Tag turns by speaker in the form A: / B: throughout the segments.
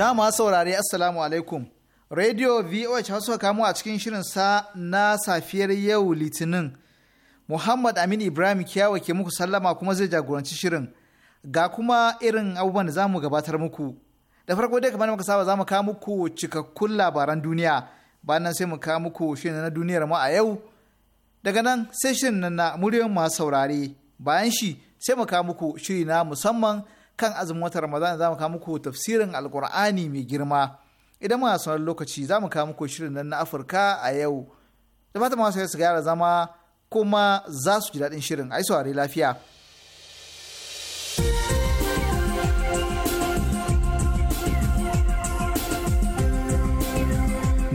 A: Jama'a saurari Assalamu alaikum. Radio VOH Hausa kamo a cikin shirin sa na safiyar yau Litinin. Muhammad Amin Ibrahim Kiyawa ke muku sallama kuma zai jagoranci shirin. Ga kuma irin abubuwan da zamu gabatar muku. Da farko dai kamar muka saba zamu kawo muku cikakkun labaran duniya. Bayan nan sai mu kawo muku shirin na duniyar mu a yau. Daga nan sai shirin na muryoyin masu saurare. Bayan shi sai mu kawo muku shiri na musamman kan azumin watan Ramadan za mu kawo muku tafsirin Alkur'ani mai girma. Idan muna sanar lokaci za mu kawo muku shirin nan na Afirka a yau. Da fata masu su gyara zama kuma za su ji daɗin shirin. Ai saurari lafiya.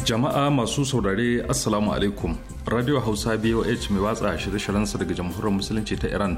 B: jama'a masu saurare assalamu alaikum radio hausa boh mai watsa shirye-shiryensa daga jamhuriyar musulunci ta iran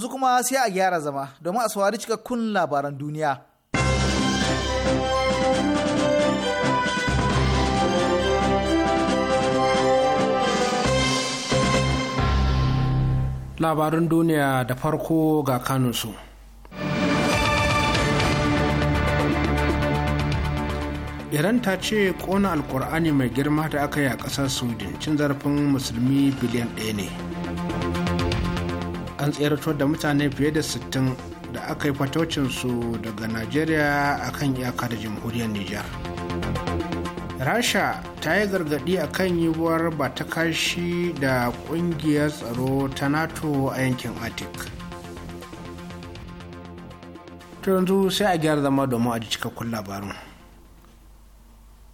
A: yanzu kuma sai a gyara zama domin a saurari cikakkun labaran duniya.
C: Labarin duniya da farko ga kanunsu. Iran ta ce kona alkur'ani mai girma da aka yi a ƙasar Sweden cin zarafin musulmi biliyan ɗaya ne. an tseratar da mutane fiye da 60 da aka yi fatocinsu daga najeriya akan iyaka da jamhuriyar nijar rasha ta yi gargadi a kan yiwuwar ba ta kashi da kungiyar tsaro ta nato a yankin arctic to yanzu sai a gyara zama domin a ji cikakkun labarin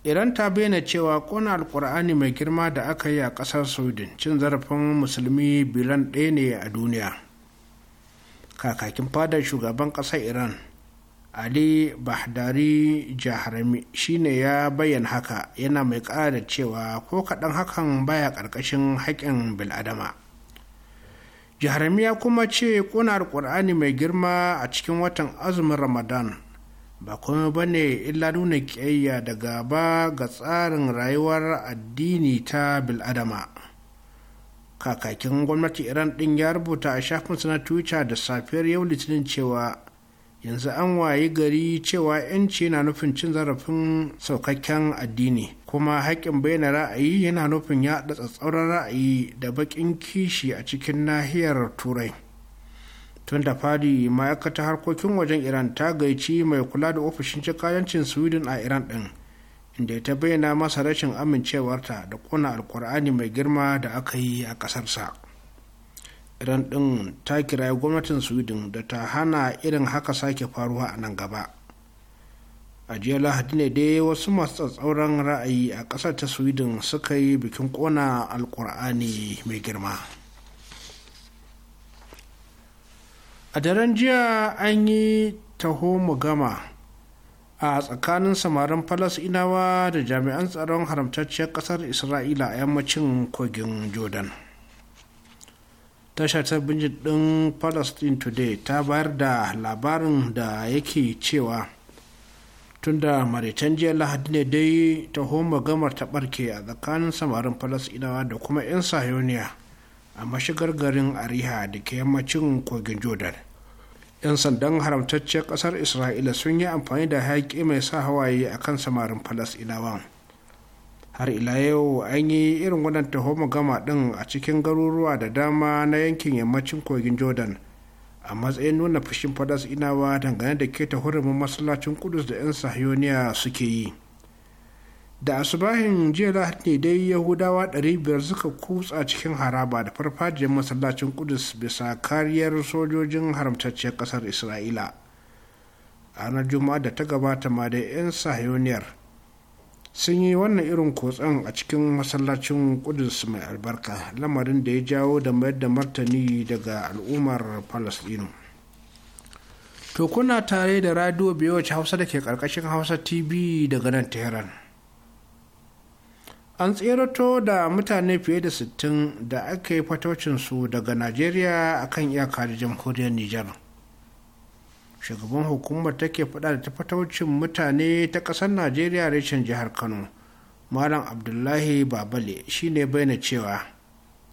C: iran ta bayyana cewa kona alkur'ani mai girma da aka yi a ƙasar sweden cin zarafin musulmi bilan ɗaya ne a duniya kakakin fadar shugaban ƙasar iran ali bahdari jaharami shine ya bayyana haka yana mai ƙara cewa ko kaɗan hakan baya ƙarƙashin haƙƙin biladama jaharami ya kuma ce kona alkur'ani mai girma a cikin watan azumin ramadan ba kuma ba ne illa nuna ƙiyayya da gaba ga tsarin rayuwar addini ta biladama kakakin gwamnati iran ɗin ya rubuta a shafinsa na twitter da safiyar yau litinin cewa yanzu an wayi gari cewa yanci na nufin cin zarafin saukakken addini kuma haƙƙin bayyana ra'ayi yana nufin yaɗa tsatsauran ra'ayi da baƙin kishi a cikin nahiyar turai tun da Fadi ma'aikatar harkokin wajen iran ta gaici mai kula da ofishin cikayancin sweden a iran din inda ta bayyana masa rashin amincewarta da kona alkur'ani mai girma da aka yi a ƙasarsa iran din ta kirayi gwamnatin sweden da ta hana irin haka sake faruwa a nan gaba a jiya lahadi ne dai wasu masu tsatsauran ra'ayi a ƙasar ta sweden suka yi bikin kona alkur'ani mai girma a daren jiya an yi taho mu gama a tsakanin samarin inawa da jami'an tsaron haramtacciyar kasar isra'ila a yammacin kogin jordan tashar ta binjin din palestine today ta bayar da labarin da yake cewa tunda maritan jiya lahadi ne dai taho homa gamar ta barke a tsakanin samarin falasɗinawa da kuma 'yan sahiyoniya a mashigar garin ariha da ke yammacin kogin jordan 'yan sandan haramtacciyar ƙasar isra'ila sun yi amfani da hayaƙi mai sa hawaye a kan samarin falasɗinawa har ila yau an yi irin wannan taho gama ɗin a cikin garuruwa da dama na yankin yammacin kogin jordan a matsayin nuna fushin falasɗinawa dangane da keta hurumin masallacin kudus da 'yan sahiyoniya suke yi da asubahin jiya lahadi dai yahudawa 500 suka kutsa cikin haraba da farfajiyar masallacin kudus bisa kariyar sojojin haramtacciyar kasar isra'ila a ranar juma'a da ta gabata ma da 'yan sahioniyar sun yi wannan irin kotsan a cikin masallacin kudus mai albarka lamarin da ya jawo da mayar da martani daga al'ummar palestino to kuna tare da radio biyu hausa da ke karkashin hausa tv daga nan tehran an tserato da mutane fiye da 60 da aka yi fatocinsu daga najeriya a kan iyaka da jamhuriyar nijar shugaban hukumar take fada da ta mutane ta kasar najeriya reshen jihar kano malam abdullahi babale shine bayyana cewa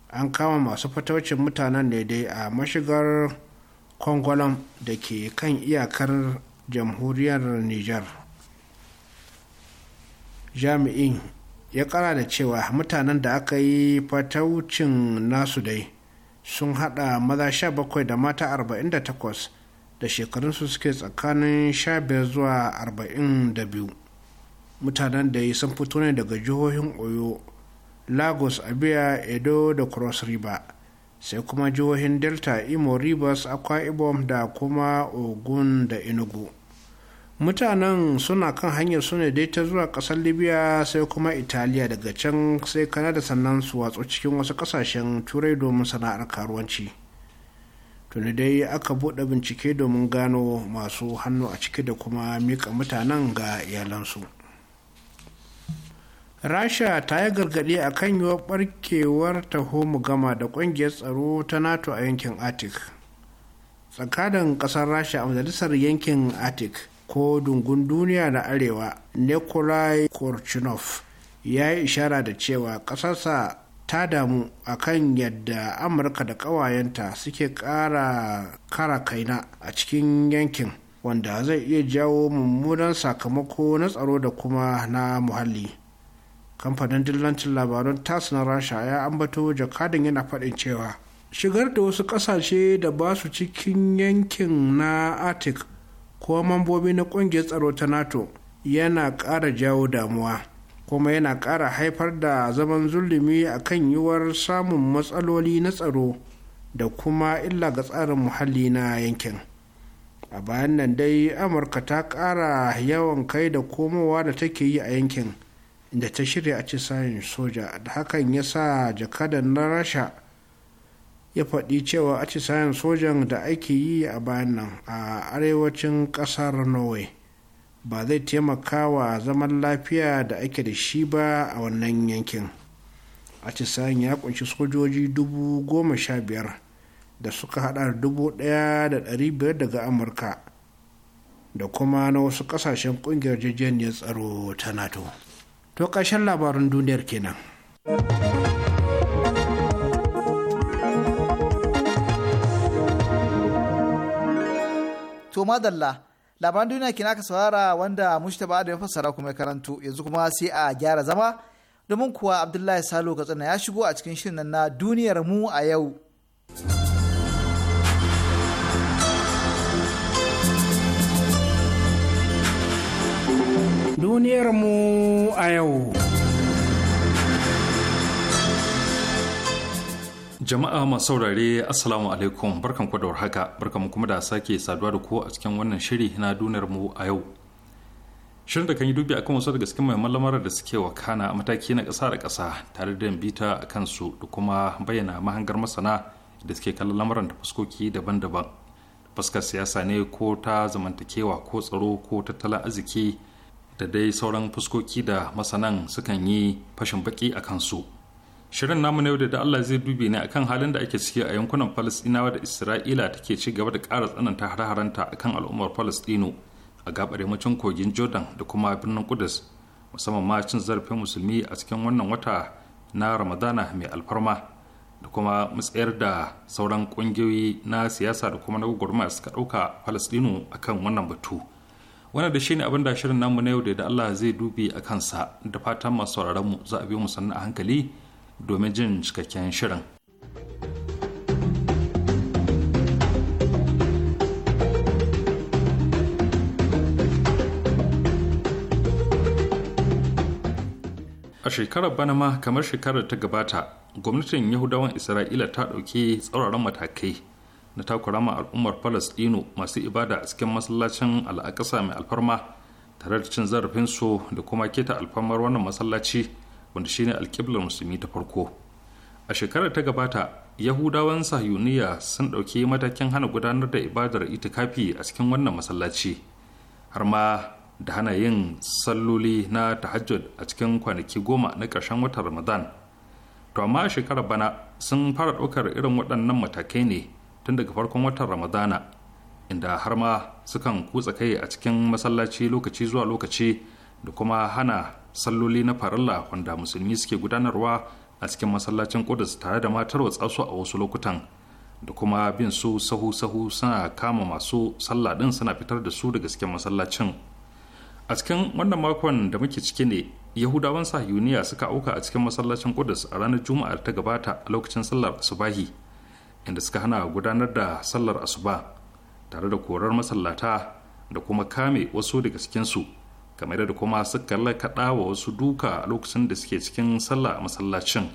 C: an kama masu fatocin mutanen ne dai a mashigar kongolam da ke kan iyakar jamhuriyar nijar jami'in ya kara da cewa mutanen da aka yi fataucin nasu dai sun hada maza 17 da mata 48 da shekarunsu suke tsakanin 15 zuwa 42 mutanen da sun fito ne daga jihohin oyo lagos abia edo da cross river sai kuma jihohin delta imo rivers akwa ibom da kuma ogun da enugu mutanen suna kan hanyar su ne dai ta zuwa kasar libya sai kuma italiya daga can sai kanada sannan su watsu cikin wasu kasashen turai domin sana'ar karuwanci tuni dai aka buɗe bincike domin gano masu hannu a ciki da kuma mika mutanen ga iyalansu rasha ta yi gargaɗi a kan yiwuwar ɓarkewar taho mu gama da ƙungiyar tsaro ta nato a yankin arctic tsakanin ƙasar rasha a majalisar yankin arctic ko dungun duniya na arewa nikolai korchinov ya yi ishara da cewa ƙasarsa ta damu a kan yadda amurka da ƙawayenta suke ƙara kara kaina a cikin yankin wanda zai iya jawo mummunan sakamako na tsaro da kuma na muhalli kamfanin dillancin labarun tas na rasha ya ambato jakadan yana faɗin cewa shigar da wasu ƙasashe da ba su cikin yankin na arctic ko mambobi na ƙungiyar tsaro ta nato yana ƙara jawo damuwa kuma yana ƙara haifar da zaman zulumi a kan yiwuwar samun matsaloli na tsaro da kuma illa ga tsarin muhalli na yankin a bayan nan dai amurka ta ƙara yawan kai da komowa da take yi a yankin da ta shirya a cikin soja da hakan ya sa jakadan na rasha ya faɗi cewa atisayen sojan da ake yi a bayan nan a arewacin ƙasar norway ba zai taimaka wa zaman lafiya da ake da shi ba a wannan yankin atisayen ya kunshi sojoji dubu goma sha biyar da suka haɗa dubu ɗaya da ɗari biyar daga amurka da kuma na wasu ƙasashen ƙungiyar ne tsaro ta nato to ƙarshen labarin duniyar kenan.
A: to madalla labaran duniya kina ka saurara wanda mushtaba da ya fassara kuma ya karanto yanzu kuma sai a gyara zama domin kuwa abdullahi salo katsina ya shigo a cikin shirin na duniyar mu a yau
C: duniyar mu a yau
B: Jama'a masu saurare Assalamu alaikum barkan ku da warhaka barkan kuma da sake saduwa da ku a cikin wannan shiri na dunar mu a yau. Shirin da kan yi dubi akan wasu daga cikin mai lamarin da suke wakana a mataki na ƙasa da ƙasa tare da bita a kansu da kuma bayyana mahangar masana da suke kallon lamarin da fuskoki daban-daban. Fuskar siyasa ne ko ta zamantakewa ko tsaro ko tattalin arziki da dai sauran fuskoki da masanan sukan yi fashin baki a kansu. shirin namu na yau da Allah zai dube ne akan halin da ake ciki a yankunan Falastinawa da Isra'ila take ci gaba da ƙara tsananta har haranta akan al'ummar Falastinu a gabar yammacin kogin Jordan da kuma birnin Kudus musamman ma cin zarafin musulmi a cikin wannan wata na Ramadana mai alfarma da kuma matsayar da sauran ƙungiyoyi na siyasa da kuma na gwagwarmaya suka ɗauka Falastinu akan wannan batu. wannan da shine abin da shirin namu na yau da Allah zai dube a kansa da fatan masu sauraron mu za a bi mu sannan a hankali domin jin cikakken shirin. A shekarar bana ma kamar shekarar ta gabata, gwamnatin Yahudawan Isra'ila ta ɗauki tsauraran matakai na takurama al'ummar Falasɗinu masu ibada a cikin masallacin al'akasa mai alfarma tare da cin zarafinsu da kuma keta alfarmar wannan masallaci wanda shine alƙiblar musulmi ta farko a shekarar ta gabata yahudawan sahiyuniya sun ɗauki matakin hana gudanar da ibadar itikafi a cikin wannan masallaci har ma da hana yin salloli na tahajjud a cikin kwanaki goma na ƙarshen watan ramadan to amma a shekarar bana sun fara ɗaukar irin waɗannan matakai ne tun daga farkon watan ramadana inda har ma sukan kutsa kai a cikin masallaci lokaci zuwa lokaci da kuma hana salloli na farilla wanda musulmi suke gudanarwa a cikin masallacin kudus tare da matar watsasu a wasu lokutan da kuma bin su sahu-sahu suna kama masu sallah din suna fitar da su daga cikin masallacin a cikin wannan makon da muke ciki ne yahudawan sahiyuniya suka auka a cikin masallacin kudus a ranar juma'ar ta gabata a lokacin sallar asubahi inda suka hana gudanar da sallar asuba tare da korar masallata da kuma kame wasu daga cikinsu su kamar da kuma suka lakaɗa wa wasu duka a lokacin da suke cikin sallah a masallacin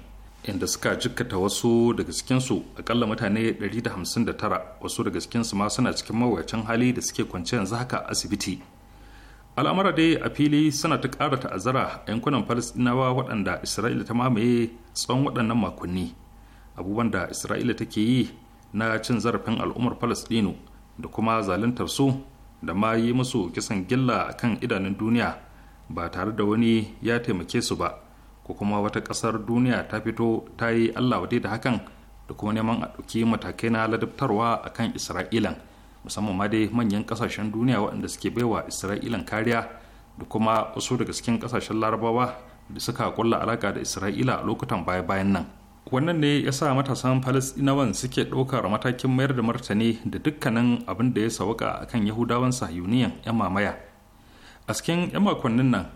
B: inda suka jikkata wasu daga cikinsu akalla mutane 159 wasu daga cikinsu ma suna cikin mawuyacin hali da suke kwance yanzu haka asibiti al'amara dai a fili suna ta ƙara ta'azzara a yankunan falasɗinawa waɗanda isra'ila ta mamaye tsawon waɗannan makonni abubuwan da isra'ila take yi na cin zarafin al'ummar falasɗinu da kuma zaluntar su da ma yi musu kisan gilla kan idanun duniya ba tare da wani ya taimake su ba ko kuma wata ƙasar duniya ta fito ta yi allah wadai da hakan da kuma neman a ɗauki matakai na ladabtarwa a kan isra'ilan musamman ma dai manyan ƙasashen duniya waɗanda suke baiwa isra'ilan kariya da kuma wasu daga cikin ƙasashen larabawa da suka kulla alaƙa da isra'ila a lokutan baya-bayan nan wannan ne ya sa matasan falasɗinawan suke ɗaukar matakin mayar da martani da dukkanin abin da ya sauka akan yahudawan sahiyuniyan 'yan mamaya a cikin 'yan makonnin nan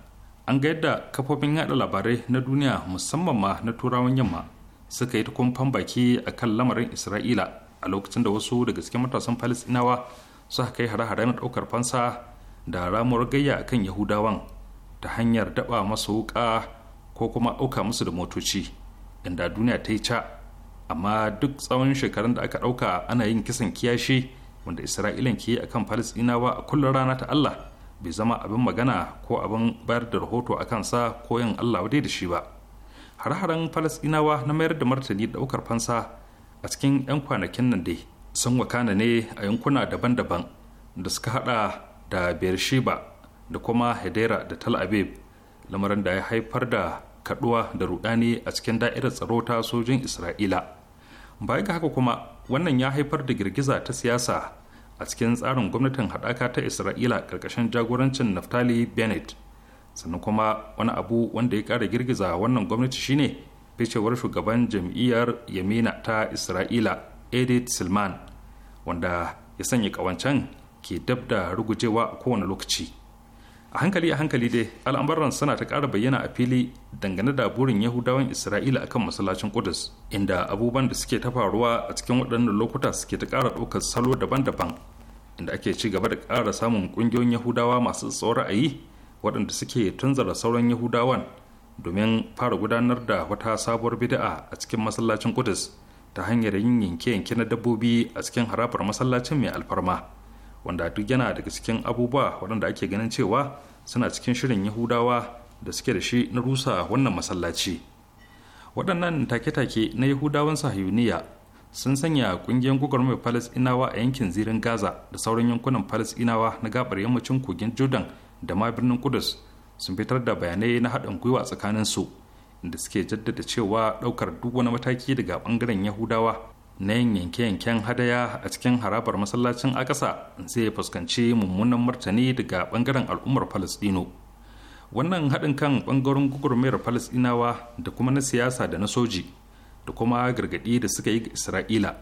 B: an ga yadda kafofin yada labarai na duniya musamman ma na turawan yamma suka yi ta kumfan baki kan lamarin isra'ila a lokacin da wasu daga cikin matasan falasɗinawa suka kai hare-hare na ɗaukar fansa da ramuwar gayya a kan yahudawan ta hanyar daɓa masu wuƙa ko kuma ɗauka musu da motoci inda duniya ta yi ca amma duk tsawon shekarun da aka ɗauka ana yin kisan kiyashe wanda isra'ilan ke yi a kan falasɗinawa a kullum rana ta allah bai zama abin magana ko abin bayar da rahoto a kansa ko yin allah wadai da shi ba har-haren falasɗinawa na mayar da martani ɗaukar fansa a cikin 'yan kwanakin nan dai sun wakana ne a yankuna daban-daban da suka haɗa da beersheba da kuma hedera da tal aviv lamarin da ya haifar da kaduwa da rudani a cikin da'irar tsaro ta sojin isra'ila baya ga haka kuma wannan ya haifar da girgiza ta siyasa a cikin tsarin gwamnatin haɗaka ta isra'ila ƙarƙashin jagorancin naftali bennett sannan kuma wani abu wanda ya kara girgiza wannan gwamnati shine ficewar shugaban jam'iyyar yamina ta isra'ila edith silman wanda ya sanya ƙawancen ke dab da rugujewa a kowane lokaci a hankali a hankali dai al'amuran suna ta ƙara bayyana a fili dangane da burin yahudawan isra'ila akan masallacin kudus inda abubuwan da suke ta faruwa a cikin waɗannan lokuta suke ta ƙara ɗaukar salo daban-daban inda ake ci gaba da ƙara samun ƙungiyoyin yahudawa masu tsawon ra'ayi waɗanda suke tunzara sauran yahudawan domin fara gudanar da wata sabuwar bida'a a cikin masallacin kudus ta hanyar yin yanke-yanke na dabbobi a cikin harabar masallacin mai alfarma wanda duk yana daga cikin abubuwa waɗanda ake ganin cewa suna cikin shirin yahudawa da suke da shi na rusa wannan masallaci waɗannan take-take na yahudawan sahiyuniya sun sanya ƙungiyar gwagwarmar inawa a yankin zirin gaza da sauran yankunan inawa na gabar yammacin kogin jordan da ma birnin kudus sun fitar da bayanai na haɗin gwiwa tsakanin su inda suke jaddada cewa ɗaukar duk wani mataki daga ɓangaren yahudawa na yin yanke-yanken hadaya a cikin harabar masallacin akasa zai fuskanci mummunan martani daga bangaren al'ummar palestino wannan haɗin kan bangaren gugurmayar palestinawa da kuma na siyasa da na soji da kuma gargaɗi da suka yi ga isra'ila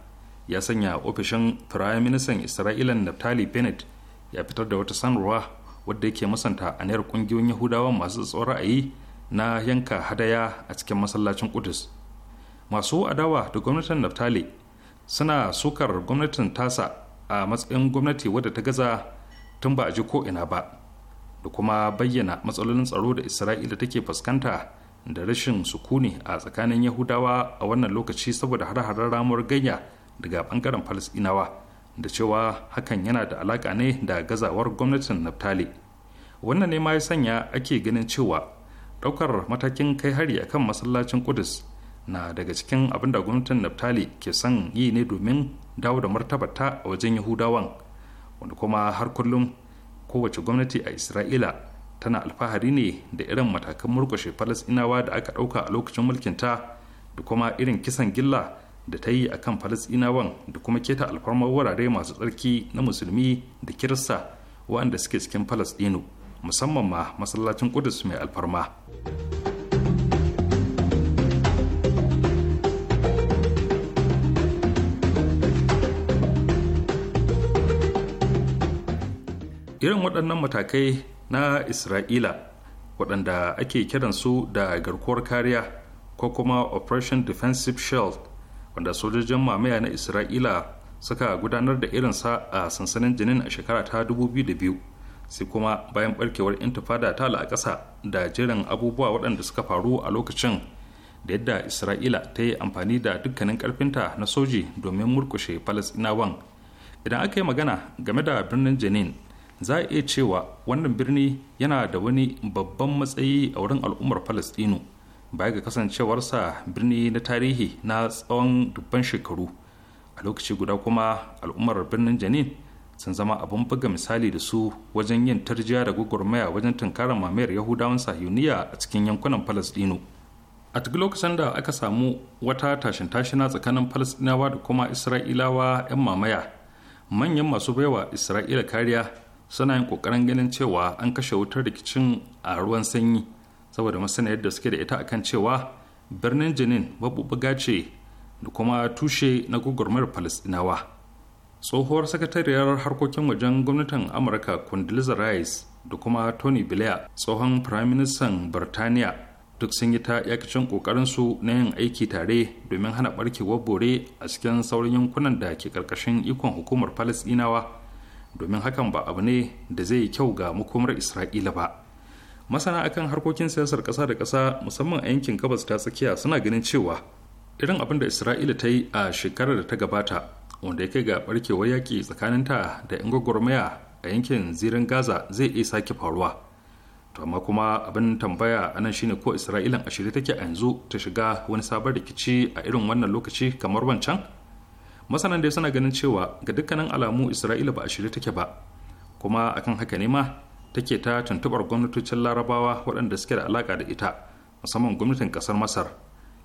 B: ya sanya ofishin firayim isra'ila naftali bennett ya fitar da wata sanarwa wadda yake musanta aniyar ƙungiyoyin yahudawa masu tsawon ra'ayi na yanka hadaya a cikin masallacin kudus masu adawa da gwamnatin naftali suna sukar gwamnatin tasa a matsayin gwamnati wadda ta gaza tun ba a ji ko'ina ba da kuma bayyana matsalolin tsaro da isra'ila take fuskanta da rashin sukuni a tsakanin yahudawa a wannan lokaci saboda har-harar ramuwar ganya daga bangaren falasɗinawa da cewa hakan yana da alaka ne da gazawar gwamnatin naftali wannan ne ma ya sanya ake ganin cewa ɗaukar matakin kai hari akan masallacin kudus na daga cikin abin da gwamnatin naftali ke son yi ne domin dawo da martabata a wajen yahudawan wanda kuma har kullum kowace gwamnati a isra'ila tana alfahari ne da irin matakan murkushe falasinawa da aka ɗauka a lokacin mulkinta da kuma irin kisan gilla da ta yi a kan falasinawan da kuma keta alfarma wurare masu tsarki na musulmi da kirista waɗanda suke cikin falasɗinu musamman ma masallacin kudus mai alfarma. irin waɗannan matakai na isra'ila waɗanda ake kiransu da garkuwar kariya ko kuma operation defensive shield wanda sojojin mamaya na isra'ila suka gudanar da irinsa a sansanin jinin a shekara ta 2002 sai kuma bayan barkewar intifada ta ƙasa da jiran abubuwa waɗanda suka faru a lokacin da yadda isra'ila ta yi amfani da dukkanin karfinta na soji domin murkushe falasinawan idan aka yi magana game da birnin jenin za a iya cewa wannan birni yana da wani babban matsayi a wurin al'ummar palestino baya ga kasancewarsa birni na tarihi na tsawon dubban shekaru a lokaci guda kuma al'ummar birnin janin sun zama abin buga misali da su wajen yin tarjiya da gwagwarmaya wajen tunkarar mamayar yahudawan sahiyuniya a cikin yankunan palestino a duk lokacin da aka samu wata tashin tashina tsakanin palestinawa da kuma isra'ilawa 'yan mamaya manyan masu baiwa isra'ila kariya suna yin kokarin ganin cewa an kashe wutar rikicin a ruwan sanyi saboda masana da suke da ita akan cewa birnin janin buga ce da kuma tushe na gugurmar palestinawa tsohuwar sakatariyar harkokin wajen gwamnatin amurka condoleezza rice da kuma tony blair tsohon firaministan birtaniya duk sun yi ta yakacin su na yin aiki tare domin hana barkewar bore a cikin sauran yankunan da ke karkashin ikon hukumar palestinawa domin hakan ba abu ne da zai yi kyau ga makomar isra'ila ba masana akan harkokin siyasar ƙasa da ƙasa musamman a yankin gabas ta tsakiya suna ganin cewa irin abin da isra'ila ta yi a shekarar da ta gabata wanda ya kai ga barkewar yaƙi tsakaninta da 'yan gwagwarmaya a yankin zirin gaza zai iya sake faruwa to amma kuma abin tambaya a nan shine ko isra'ilan a take a yanzu ta shiga wani sabon rikici a irin wannan lokaci kamar wancan masanan dai suna ganin cewa ga dukkanin alamu isra'ila ba a shirye take ba kuma akan haka ne ma take ta tuntubar gwamnatocin larabawa waɗanda suke da alaƙa da ita musamman gwamnatin ƙasar masar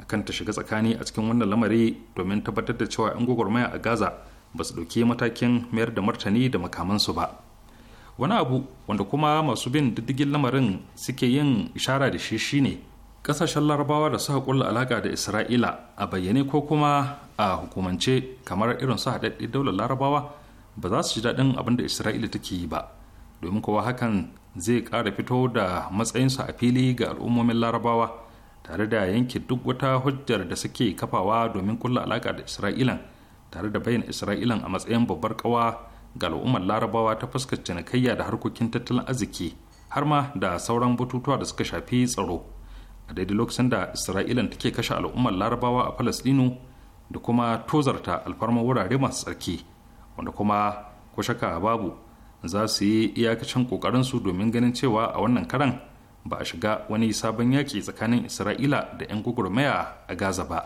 B: akan ta shiga tsakani a cikin wannan lamari domin tabbatar da cewa 'yan gwagwarmaya a gaza ba su ɗauki matakin mayar da martani da makamansu ba wani abu wanda kuma masu bin diddigin lamarin suke yin ishara da shi shine kasashen larabawa da suka kulla alaka da isra'ila a bayyane ko kuma a hukumance kamar irin su haɗaɗɗe daular larabawa ba za su ji daɗin abin da isra'ila take yi ba domin kowa hakan zai ƙara fito da matsayinsu a fili ga al'ummomin larabawa tare da yanke duk wata hujjar da suke kafawa domin kulla alaka da isra'ilan tare da bayyana isra'ilan a matsayin babbar kawa ga al'ummar larabawa ta fuskar cinikayya da harkokin tattalin arziki har ma da sauran batutuwa da suka shafi tsaro a daidai lokacin da isra'ila take kashe al'ummar larabawa a falastinu da kuma tozarta alfarmar wurare masu tsarki wanda kuma ko shaka babu za su yi iyakacin su domin ganin cewa a wannan karan ba a shiga wani sabon yaƙi tsakanin isra'ila da 'yan gugurmaya a gaza ba.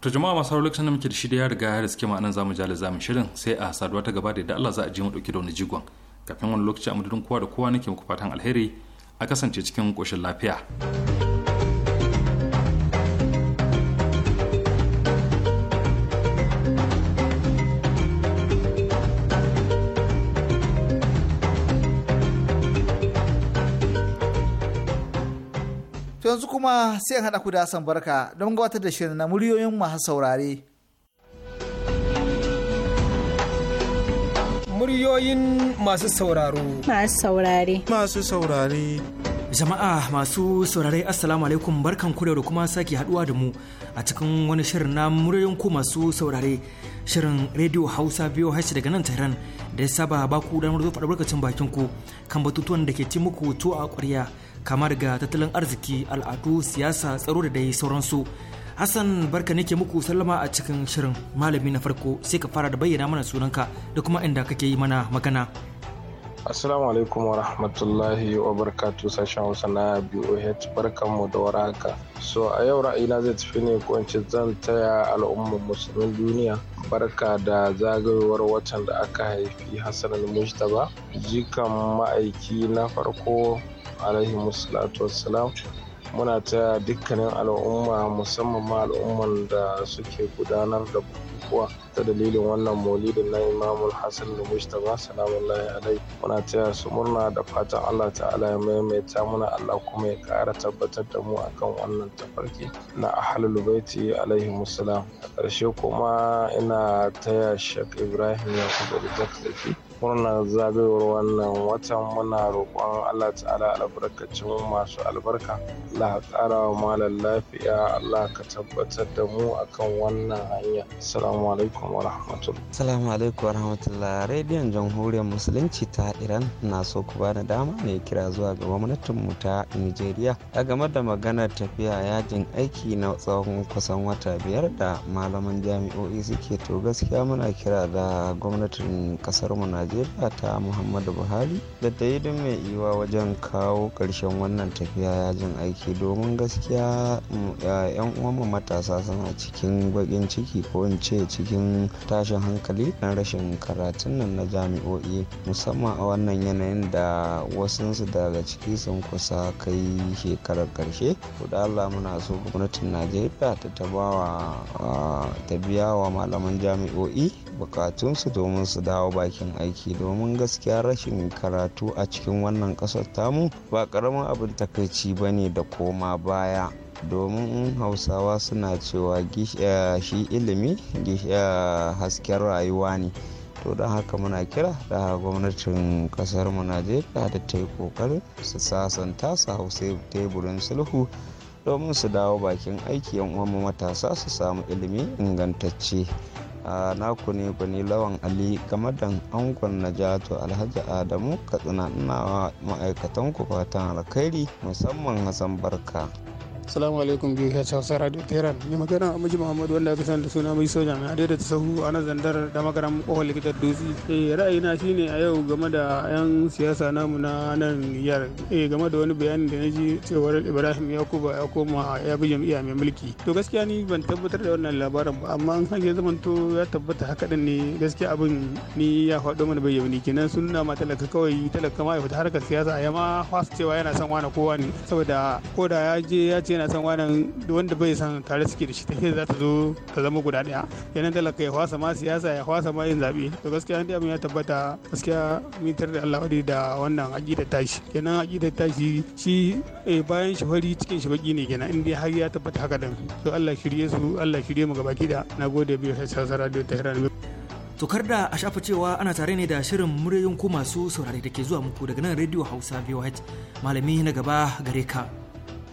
B: to jama'a masu hauwa lokacin da muke da shi da ya riga ya riske ma'anan zamu jale zamu shirin sai a saduwa ta gaba da yadda Allah za a ji mu dauki da wani jigon kafin wani lokaci a madadin kowa da kowa nake muku fatan alheri a kasance cikin koshin lafiya.
A: yanzu kuma sai hada haɗa ku da san Barka don gabatar da shirin na muryoyin masu saurare. Muryoyin masu sauraro. Masu saurare. Masu saurare.
D: Jama'a masu saurare Assalamu alaikum barkan ku da kuma sake haduwa da mu a cikin wani shirin na muryoyin ku masu saurare shirin Radio Hausa biyu hashi daga nan Tehran da ya saba baku don zo faɗa bakin ku kan batutuwan da ke ci muku to a ƙwarya kamar ga tattalin arziki al'adu siyasa tsaro da dai sauransu hassan barka ne ke muku sallama a cikin shirin malami na farko sai ka fara da bayyana mana sunanka da kuma inda kake yi mana magana
E: Assalamu alaikum wa rahmatullahi wa barkatu sashen Hausa na BOH barkanmu da waraka So a yau ra'ayina zai tafi ne ko zan taya al'ummar musulmin duniya barka da zagayowar watan da aka haifi Hassan al-Mujtaba jikan ma'aiki na farko alaihimussalatu wassalam muna ta dukkanin al'umma musamman ma al'umman da suke gudanar da bukukuwa ta dalilin wannan maulidin na imamul hassan da mustapha salamun alai muna taya su murna da fatan allah ta'ala ya maimaita muna allah kuma ya kara tabbatar da mu akan wannan tafarki na ahalul baiti alaihi musulam a ƙarshe kuma ina taya shek ibrahim ya kuma da murnar zagayowar wannan watan muna roƙon allah ta'ala albarkacin masu albarka allah ƙara wa malam lafiya allah ka tabbatar da mu akan wannan hanya assalamu alaikum wa rahmatullah
F: assalamu alaikum wa rahmatullah rediyon jamhuriyar musulunci ta iran na so ku ba da dama ne kira zuwa ga mu ta nigeria a game da maganar tafiya yajin aiki na tsawon kusan wata biyar da malaman jami'o'i suke to gaskiya muna kira ga gwamnatin kasarmu na najeriya ta muhammadu buhari da ta yi mai iwa wajen kawo ƙarshen wannan tafiya yajin aiki domin gaskiya yan uwanmu matasa suna cikin baƙin ciki ko in ce cikin tashin hankali na rashin karatun nan na jami'o'i musamman a wannan yanayin da wasunsu daga ciki sun kusa kai shekarar karshe kuɗa allah muna so gwamnatin najeriya ta ta biya wa malaman jami'o'i bukatunsu domin su dawo bakin aiki aiki domin gaskiya rashin karatu a cikin wannan kasar tamu ba ƙaramin abin takaici ba ne da koma baya domin hausawa suna cewa eh, shi ilimi eh, hasken rayuwa ne to don haka muna kira da gwamnatin kasar mu najeriya da ta yi kokarin su sasanta su hausa teburin sulhu domin su dawo bakin aiki yan matasa su samu ilimi ingantacce a naku ne gwani lawan ali game da angon jato alhaji adamu katsina ina ma'aikatan ku fatan alkhairi musamman hasan barka salamu alaikum biyu ya cewa Radio Tehran. Ni magana Miji
G: Muhammadu wanda aka sanar da suna mai soja mai adai da ta sahu a na zandar da magaram kofar likitar dutse. Eh ra'ayina shine a yau game da 'yan siyasa namu na nan yar. Eh game da wani bayani da na ji cewar Ibrahim Yakuba ya koma ya bi jam'iyya mai mulki. To gaskiya ni ban tabbatar da wannan labarin ba amma an hanyar zaman to ya tabbata haka din ne gaskiya abin ni ya faɗo mana bai yauni kenan sun na ma talaka kawai talaka ma ya fita harkar siyasa ya ma fasa cewa yana son wani kowa ne saboda ko da ya je ya ce yana son wannan wanda bai san tare suke da shi ta za ta zo ta zama guda daya yanan talaka ya fasa ma siyasa ya fasa ma yin zabe to gaskiya dai abin ya tabbata gaskiya mitar da Allah da wannan aqidar tashi kenan aqidar tashi shi eh, bayan shi fari cikin shi baki ne kenan in har ya tabbata haka din to Allah shirye su Allah
D: shirye mu gabaki da nagode biyu sassa radio Tehran Tokar da a shafa cewa ana tare ne da shirin muryoyin ku masu saurare da ke zuwa muku daga nan Radio Hausa VOH. Malami na gaba
H: gare ka.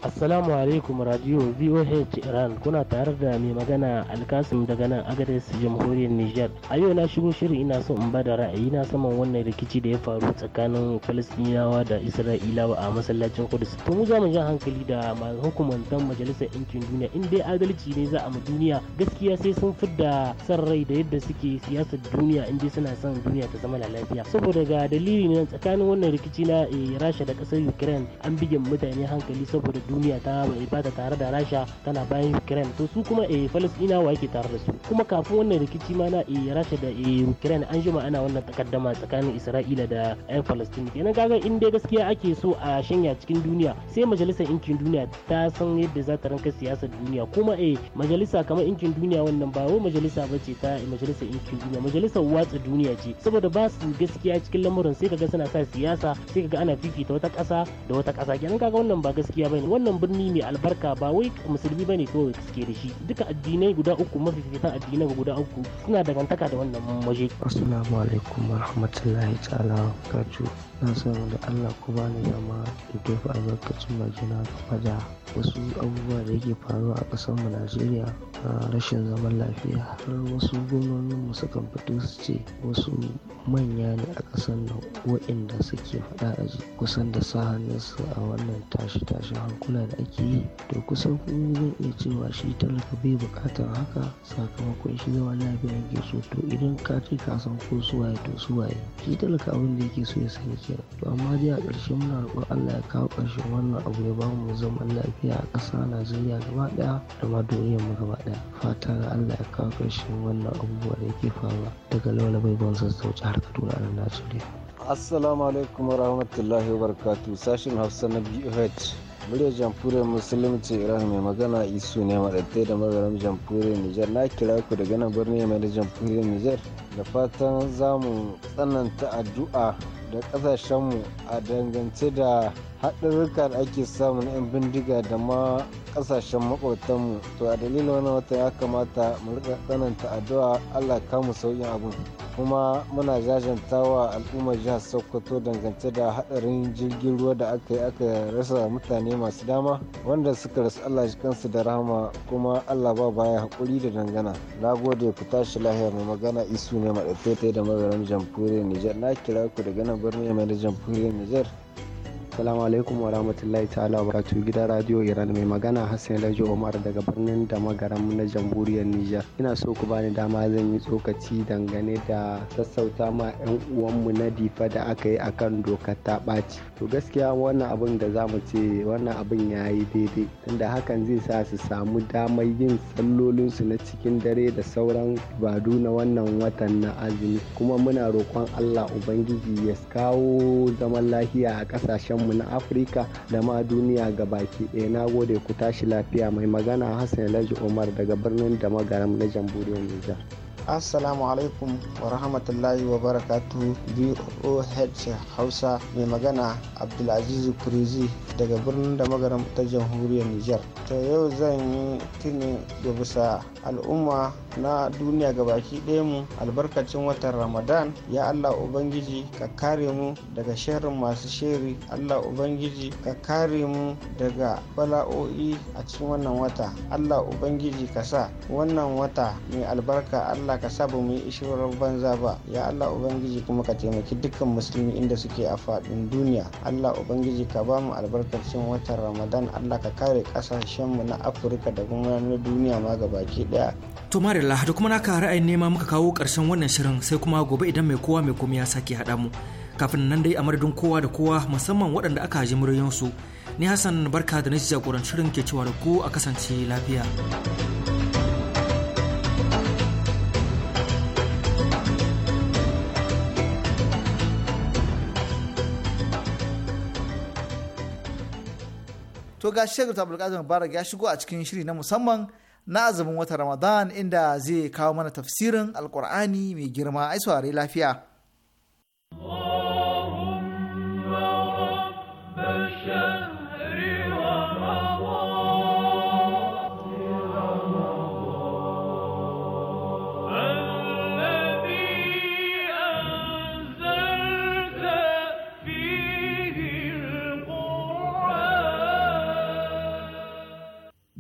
H: Assalamu alaikum radio VOH Iran kuna tare da mai magana Alkasim daga nan Agadez Jamhuriyar Nijar. A yau na shigo shirin ina so in bada ra'ayi na saman wannan rikici da ya faru tsakanin Falastinawa da Isra'ilawa a masallacin Kudus. To mu za mu hankali da hukumantan majalisar ɗinkin duniya in dai adalci ne za a mu duniya gaskiya sai sun fidda san rai da yadda suke siyasar duniya in dai suna son duniya ta zama lafiya. Saboda ga dalili ne tsakanin wannan rikici na eh, Rasha da ƙasar Ukraine an bige mutane hankali saboda duniya ta ba ta tare da rasha tana bayan ukraine to su kuma eh wa yake tare da su kuma kafin wannan rikici ma na eh rasha da eh ukraine an jima ana wannan takaddama tsakanin isra'ila da yan falastin kenan kaga in dai gaskiya ake so a shanya cikin duniya sai majalisar inkin duniya ta san yadda za ta ranka siyasar duniya kuma eh majalisa kamar inkin duniya wannan ba wai majalisa bace ta majalisar inkin duniya majalisar watsa duniya ce saboda ba su gaskiya cikin lamurin sai kaga suna sa siyasa sai kaga ana fifita wata ƙasa da wata ƙasa kenan kaga wannan ba gaskiya bane wannan birni mai albarka ba wai musulmi bane kawai suke da shi duka addinai guda uku mafificin addinai guda uku suna dangantaka da wannan waje
F: assalamu alaikum warahmatullahi ta'ala wabarakatuh na sanar da Allah ku bani dama da tofa albarkacin majina game da wasu abubuwa da yake faruwa a ƙasar mu Najeriya rashin zaman lafiya har wasu gwamnoninmu sukan fito su ce wasu manya ne a ƙasar nan waɗanda suke faɗa a ji kusan da sa hannunsu a wannan tashi tashen hankula da ake yi to kusan kun zan iya cewa shi talaka bai buƙatar haka sakamakon shi zama lafiya yake so to idan ka ce ka san ko suwaye to suwaye shi talaka abin da yake so ya sani kenan to amma dai a ƙarshe muna roƙon Allah ya kawo ƙarshen wannan abu ya bamu zaman lafiya a ƙasa Najeriya gaba ɗaya da ma duniyar mu gaba ɗaya fatan Allah ya kawo ƙarshen wannan abubuwa da yake faruwa daga lawal bai ban sassauci har Kaduna a
C: Najeriya. Assalamu alaikum warahmatullahi wabarakatuh sashin Hausa na BOH muryar jamhuriyar ce iran mai magana isu ne maɗattai da magaram jamhuriyar nijar na kira ku daga nan birni mai da jamhuriyar nijar da fatan za mu tsananta addu'a da ƙasashenmu a dangance da haɗarurruka da ake samun 'yan bindiga da ma ƙasashen maƙwabtanmu to a dalilin wannan wata ya kamata mu riƙa tsananta addu'a allah kamu sauƙin abin kuma muna jajanta wa al'ummar jihar sokoto dangance da haɗarin jirgin ruwa da aka yi aka rasa mutane masu dama wanda suka rasu allah shi kansu da rahama kuma allah ba baya haƙuri da dangana na gode ku tashi lahiya mai magana isu ne maɗafe da magaran jamhuriyar
F: nijar na kira ku daga nan birnin mai da jamhuriyar nijar Assalamu alaikum wa rahmatullahi
A: ta'ala wa gidan Radio Iran mai magana Hassan Lajo Umar daga birnin da magaran na jamhuriyar Nijar. Ina so ku bani dama zan yi tsokaci dangane da sassauta ma 'yan uwanmu na difa da aka yi akan dokar ta ɓaci. To gaskiya wannan abin da za mu ce wannan abin ya yi daidai tunda hakan zai sa su samu damar yin sallolinsu na cikin dare da sauran ibadu na wannan watan na azumi kuma muna roƙon Allah Ubangiji ya kawo zaman lafiya a ƙasashen mu na afirka da ma duniya ga baki ɗaya na gode ku tashi lafiya mai magana hassan laji umar daga birnin da magaram na jamhuriyar nijar
F: assalamu alaikum wa rahmatullahi wa barakatu boh hausa mai magana abdulaziz kurizi daga birnin da magaram ta jamhuriyar niger ta yau zan yi tuni da bisa al'umma na duniya gabaki ɗaya mu albarkacin watan ramadan ya allah ubangiji ka kare mu daga shirin masu shiri allah ubangiji ka kare mu daga bala'o'i a cikin wannan wata allah ubangiji ka sa wannan wata mai albarka allah ka sa ba mu yi ishirar banza ba ya Allah ubangiji kuma ka taimaki dukkan musulmi inda suke a fadin duniya Allah ubangiji ka ba mu albarkacin watan Ramadan Allah ka kare kasashenmu na Afirka da kuma na duniya ma gabaki daya
D: to marilla da kuma naka ra'ayin nema muka kawo karshen wannan shirin sai kuma gobe idan mai kowa mai komai ya sake hada mu kafin nan dai a madadin kowa da kowa musamman waɗanda aka ji muryoyinsu ni hassan barka da na jagoran shirin ke cewa da ku a kasance lafiya
A: to ga shekaru ta bulƙatar mubarak ya shigo a cikin shiri na musamman na azumin wata ramadan inda zai kawo mana tafsirin alkur'ani mai girma ai saurari lafiya
I: Allahumma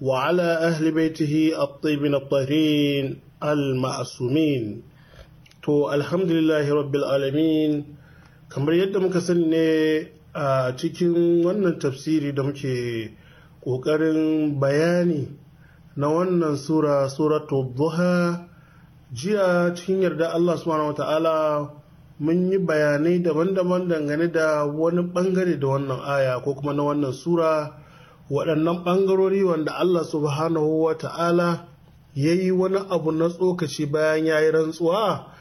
J: وعلى أهل بيته الطيبين الطاهرين المعصومين to alhamdulillahi rabbil alamin kamar yadda muka sani ne a cikin wannan tafsiri da muke ƙoƙarin bayani na wannan sura suratu duha jiya cikin yarda Allah subhanahu mun yi bayanai daban-daban dangane da wani bangare da wannan aya ko kuma na wannan sura waɗannan ɓangarori wanda Allah subhanahu wa ta'ala ya yi wani abu na tsokaci bayan ya yi rantsuwa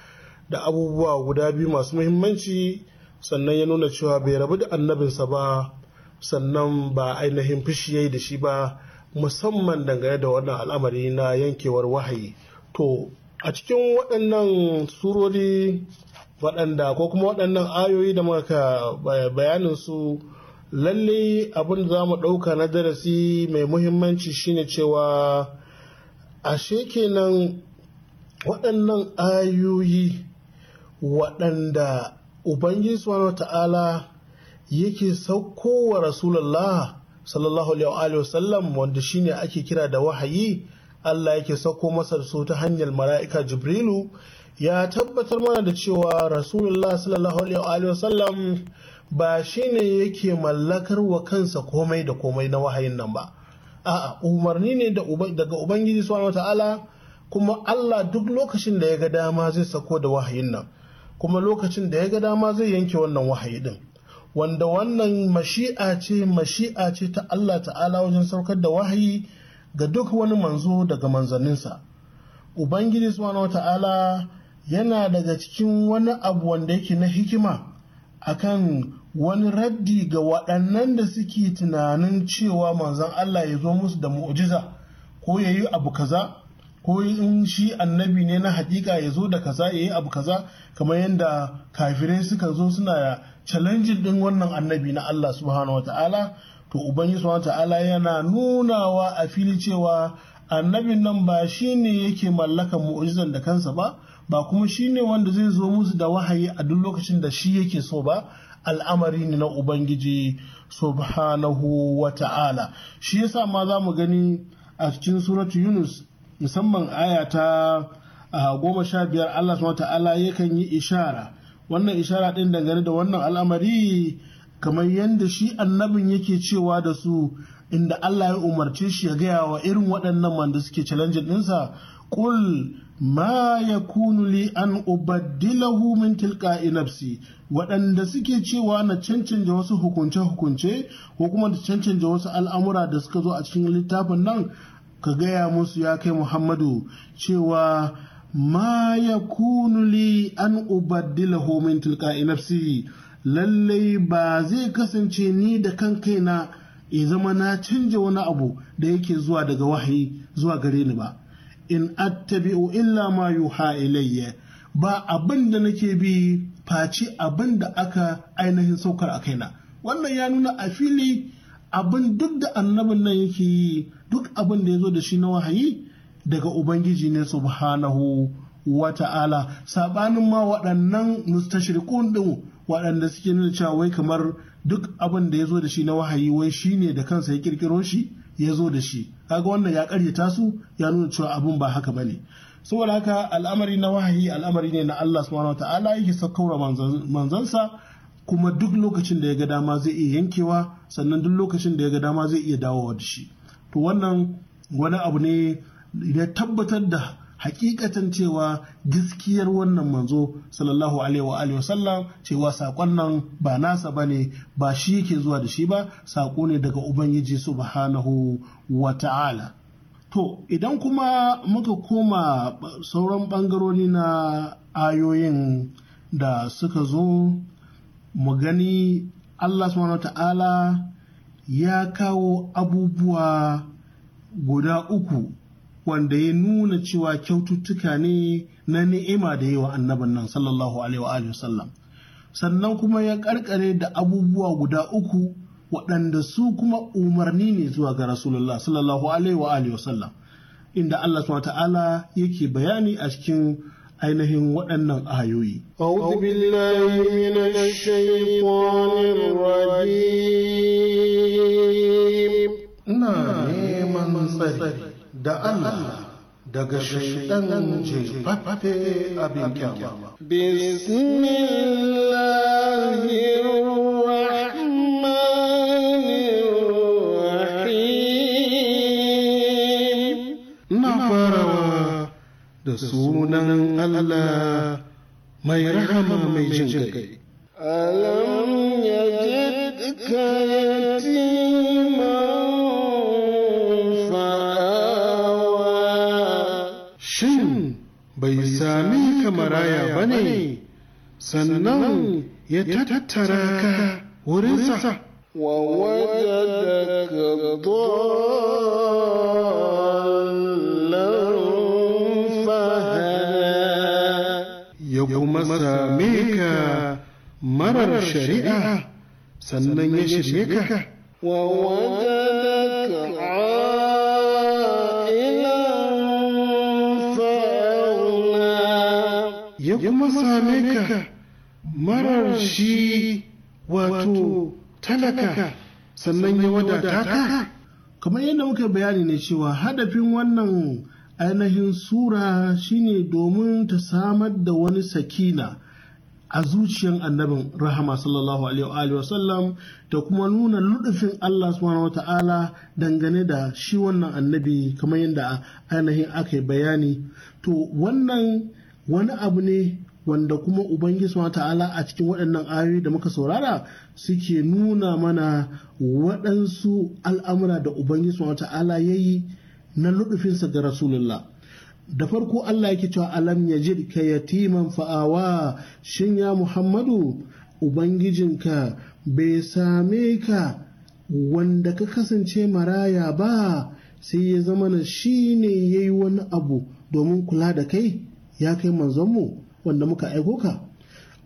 J: da abubuwa guda biyu masu muhimmanci sannan ya nuna cewa bai rabu da annabinsa ba sannan ba ainihin fushi ya yi da shi ba musamman dangane da wannan al'amari na yankewar wahayi to a cikin waɗannan surori waɗanda ko kuma waɗannan ayoyi da muka bayanin su lalle abin za mu ɗauka na darasi mai muhimmanci shine cewa ashe kenan waɗannan ayoyi waɗanda ubangiji subhanahu ta'ala yake saukowa rasulallah sallallahu alaihi sallam wanda shine ake kira da wahayi Allah yake sauko masa su ta hanyar mala'ika jibrilu ya tabbatar mana da cewa rasulullah sallallahu alaihi sallam ba shi ne yake mallakar wa kansa komai da komai na wahayin nan ba a'a umarni ne daga ubangiji wa ta'ala kuma Allah duk lokacin da ya ga dama zai sako da wahayin nan kuma lokacin da ya ga dama zai yanke wannan wahayi din wanda wannan mashi'a ce mashi'a ce ta Allah ta'ala wajen saukar da wahayi ga duk wani manzo daga manzanninsa ubangiji wa ta'ala yana daga cikin wani abu wanda yake na hikima akan wani raddi ga waɗannan da suke tunanin cewa manzan Allah ya zo musu da mu'ujiza ko ya yi abu kaza ko in shi annabi ne na haƙiƙa ya zo da kaza ya yi abu kaza kamar yadda kafirai suka zo suna ya challenging din wannan annabi na Allah subhanahu wa ta'ala to ubangiji subhanahu wa ta'ala yana nunawa a fili cewa annabin nan ba shi ne yake mallakan mu'ujizan da kansa ba ba kuma shi ne wanda zai zo musu da wahayi a duk lokacin da shi yake so ba al'amari ne na ubangiji subhanahu wa ta'ala shi yasa ma za mu gani a cikin suratu yunus musamman aya ta goma sha biyar allah subhanahu wa ta'ala yakan yi ishara wannan ishara ɗin dangane da wannan al'amari kamar yadda shi annabin yake cewa da su inda Allah ya umarce shi ya gaya wa irin waɗannan mada suke challenge ɗinsa kul ma ya li an ubaddilahu min tilka'i nafsi waɗanda suke cewa na cancanta wasu hukunce-hukunce ko kuma da cancanta wasu al'amura da suka zo a cikin littafin nan ka gaya musu ya kai muhammadu cewa ma ya li an ubaddilahu min tilka'i nafsi lallai ba zai kasance ni da kan kaina ya zama na canja wani abu da yake zuwa daga wahayi zuwa gare ni ba in attabi'u illa ma yuha ilayya ba abin da nake bi faci abin da aka ainihin saukar a kaina wannan ya nuna a fili abin duk da annabin nan yake yi duk abin da ya zo da shi na wahayi daga ubangiji ne subhanahu wa ta'ala sabanin ma waɗannan mustashriqun din waɗanda suke nuna cewa wai kamar duk abin da ya zo da shi na wahayi wai shine da kansa ya kirkiro shi ya zo da shi kaga wannan ya karyata su ya nuna cewa abun ba haka bane saboda haka al'amari na wahayi al'amari ne na Allah subhanahu wataala yake sakaura manzansa kuma duk lokacin da ya ga dama zai iya yankewa sannan duk lokacin da ya ga dama zai iya dawowa da shi to wannan wani abu ne ya tabbatar da hakikatan cewa gaskiyar wannan manzo sallallahu alaihi wa sallam cewa sakon nan ba nasa ba ne, ba shi yake zuwa da shi ba Saƙo ne daga ubangiji subhanahu wa ta'ala to idan kuma muka koma sauran ɓangarori na ayoyin da suka zo mu gani Allah subhanahu wa ta'ala ya kawo abubuwa guda uku wanda ya nuna cewa kyaututtuka ne na ni'ima da yawa annaban nan sallallahu alaihi wa sallam sannan kuma ya karkare da abubuwa guda uku waɗanda su kuma umarni ne zuwa ga rasulullah sallallahu alaihi wa sallam inda Allah subhanahu ta'ala yake bayani a cikin ainihin waɗannan ayoyi. billahi minash من rajim Ina neman tsari بسم الله
I: الرحمن
J: الرحيم نفر
I: دسونا
J: الله ما يرحم ما يجنك ألم
I: يجدك يا
J: ba ne sannan ya tattara ka wurinsa ووجدك ضالا فهدى يوم ساميك مرر الشريعة سنن يشريك
I: ووجدك kuma same ka marar shi
J: wato talaka sannan ya wadata ka kamar yadda muka bayani ne cewa hadafin wannan ainihin sura shine domin ta samar da wani sakina a zuciyar annabin rahama sallallahu alaihi wa sallam da kuma nuna ludufin Allah subhanahu wa ta'ala dangane da shi wannan annabi kamar yadda ainihin aka yi bayani to wannan wani abu ne wanda kuma Ubangiji wa ta'ala a cikin waɗannan ayoyi da muka saurara suke nuna mana waɗansu al'amura da Ubangiji wa ta'ala ya yi na luɗufinsa ga Rasulullah. Da farko Allah yake cewa alam ya ka yatiman fa'awa shin ya Muhammadu Ubangijinka bai same ka wanda ka kasance maraya ba sai ya zama na shi ne ya yi wani abu domin kula da kai. ya kai manzonmu wanda muka aiko ka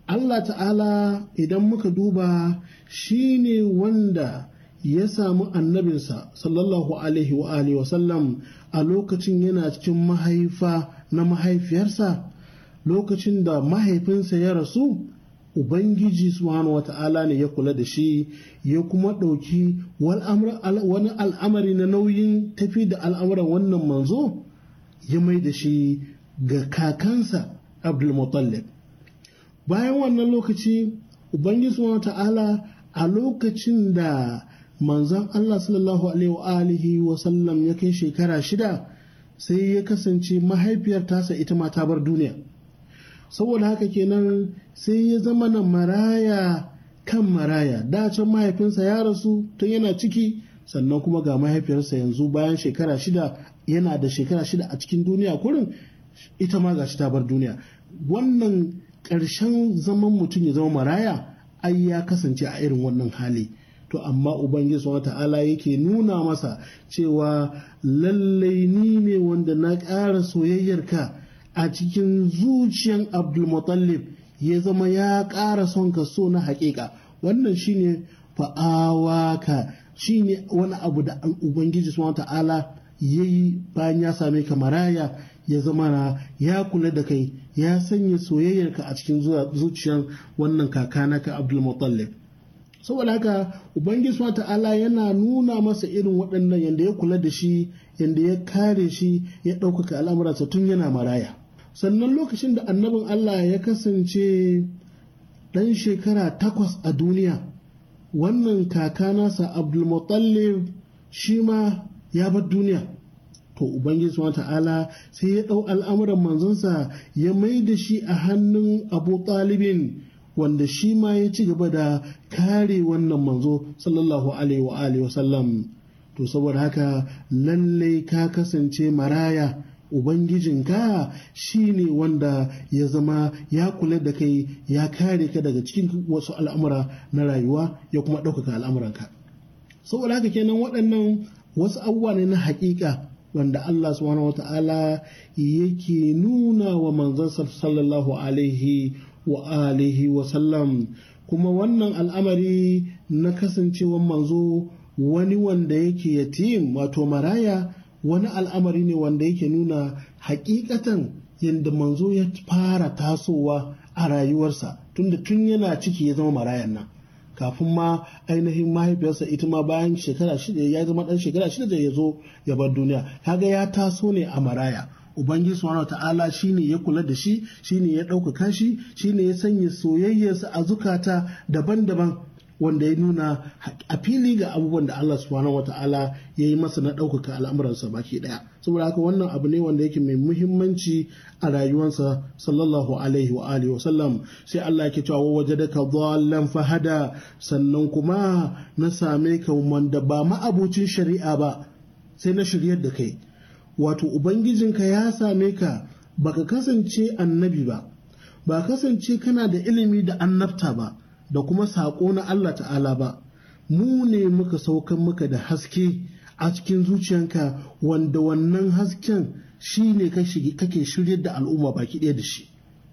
J: Allah ta'ala idan muka duba shi ne wanda ya samu annabinsa sallallahu alaihi wa alihi wasallam a lokacin yana cikin mahaifa na mahaifiyarsa lokacin da mahaifinsa ya rasu ubangiji subhanahu wa ta'ala ne ya kula da shi ya kuma ɗauki wani al'amari na nauyin tafi da al'amuran wannan manzo ya mai da shi ga kakansa abdulmutallab bayan wannan lokaci ubangiji wa ta'ala a lokacin da manzon allah sallallahu alaihi wa sallam ya kai shekara shida sai ya kasance mahaifiyar tasa ita ma ta bar duniya saboda haka kenan sai ya zama na maraya kan maraya da can mahaifinsa ya rasu tun yana ciki sannan kuma ga mahaifiyarsa yanzu bayan shekara shida yana da shekara shida a cikin duniya kurin ita ma gashi ta bar duniya wannan ƙarshen zaman mutum ya zama maraya ai ya kasance a irin wannan hali to amma ubangiji subhanahu ta'ala yake nuna masa cewa lallai ni ne wanda na ƙara soyayyarka a cikin zuciyan abdulmutallib ya zama ya ƙara son ka so na haƙiƙa wannan shine fa'awaka shine wani abu da ubangiji subhanahu ta'ala yayi bayan ya same ka maraya ya zama na ya kula da kai ya sanya soyayyarka a cikin zuciyar wannan kaka naka Abdul saboda haka ubangiji wa ta'ala yana nuna masa irin waɗannan yadda ya kula da shi yadda ya kare shi ya ɗaukaka al'amuransa tun yana maraya sannan lokacin da annabin Allah ya kasance ɗan shekara takwas a duniya wannan kaka nasa Abdul shi ma ya bar duniya to ubangiji wa ta'ala sai ya ɗau al'amuran manzansa ya mai da shi a hannun abu ɗalibin wanda shi ma ya ci gaba da kare wannan manzo sallallahu alaihi wa alihi to saboda haka lalle ka kasance maraya ubangijinka shi ne wanda ya zama ya kula da kai ya kare ka daga cikin wasu al'amura na rayuwa ya kuma ɗaukaka al'amuranka saboda haka kenan waɗannan wasu abubuwa ne na haƙiƙa wanda Allah subhanahu wata'ala yake nuna wa manzansa sallallahu alaihi wa alihi wa sallam kuma wannan al'amari na kasancewan manzo wani wanda yake yatim wato maraya wani al'amari ne wanda yake nuna hakikatan yadda manzo ya fara tasowa a rayuwarsa tunda tun yana ciki ya zama marayan nan kafin ma ainihin mahaifiyarsa ita ma bayan shekara shida ya zama dan shekara shida da ya zo ya bar duniya kaga ya taso ne a maraya Ubangiji subhanahu ta'ala ne ya kula da shi shine ya ɗaukaka shi shine ya sanya soyayyarsa a zukata daban-daban wanda ya nuna a fili ga abubuwan da Allah subhanahu wata'ala ya yi masa na ɗaukaka al'amuransa baki ɗaya saboda haka wannan abu ne wanda yake mai muhimmanci a rayuwarsa sallallahu alaihi wa alihi wa sallam sai Allah yake cewa wajadaka dhallan fahada sannan kuma na same ka wanda ba ma'abucin shari'a ba sai na shiryar da kai wato Ubangijin ka ya same ka baka kasance annabi ba ba kasance kana da ilimi da annabta ba da kuma saƙo na Allah ta'ala ba mu ne muka saukan muka da haske a cikin zuciyanka wanda wannan hasken shi ne kake shirya da al'umma baki ɗaya da shi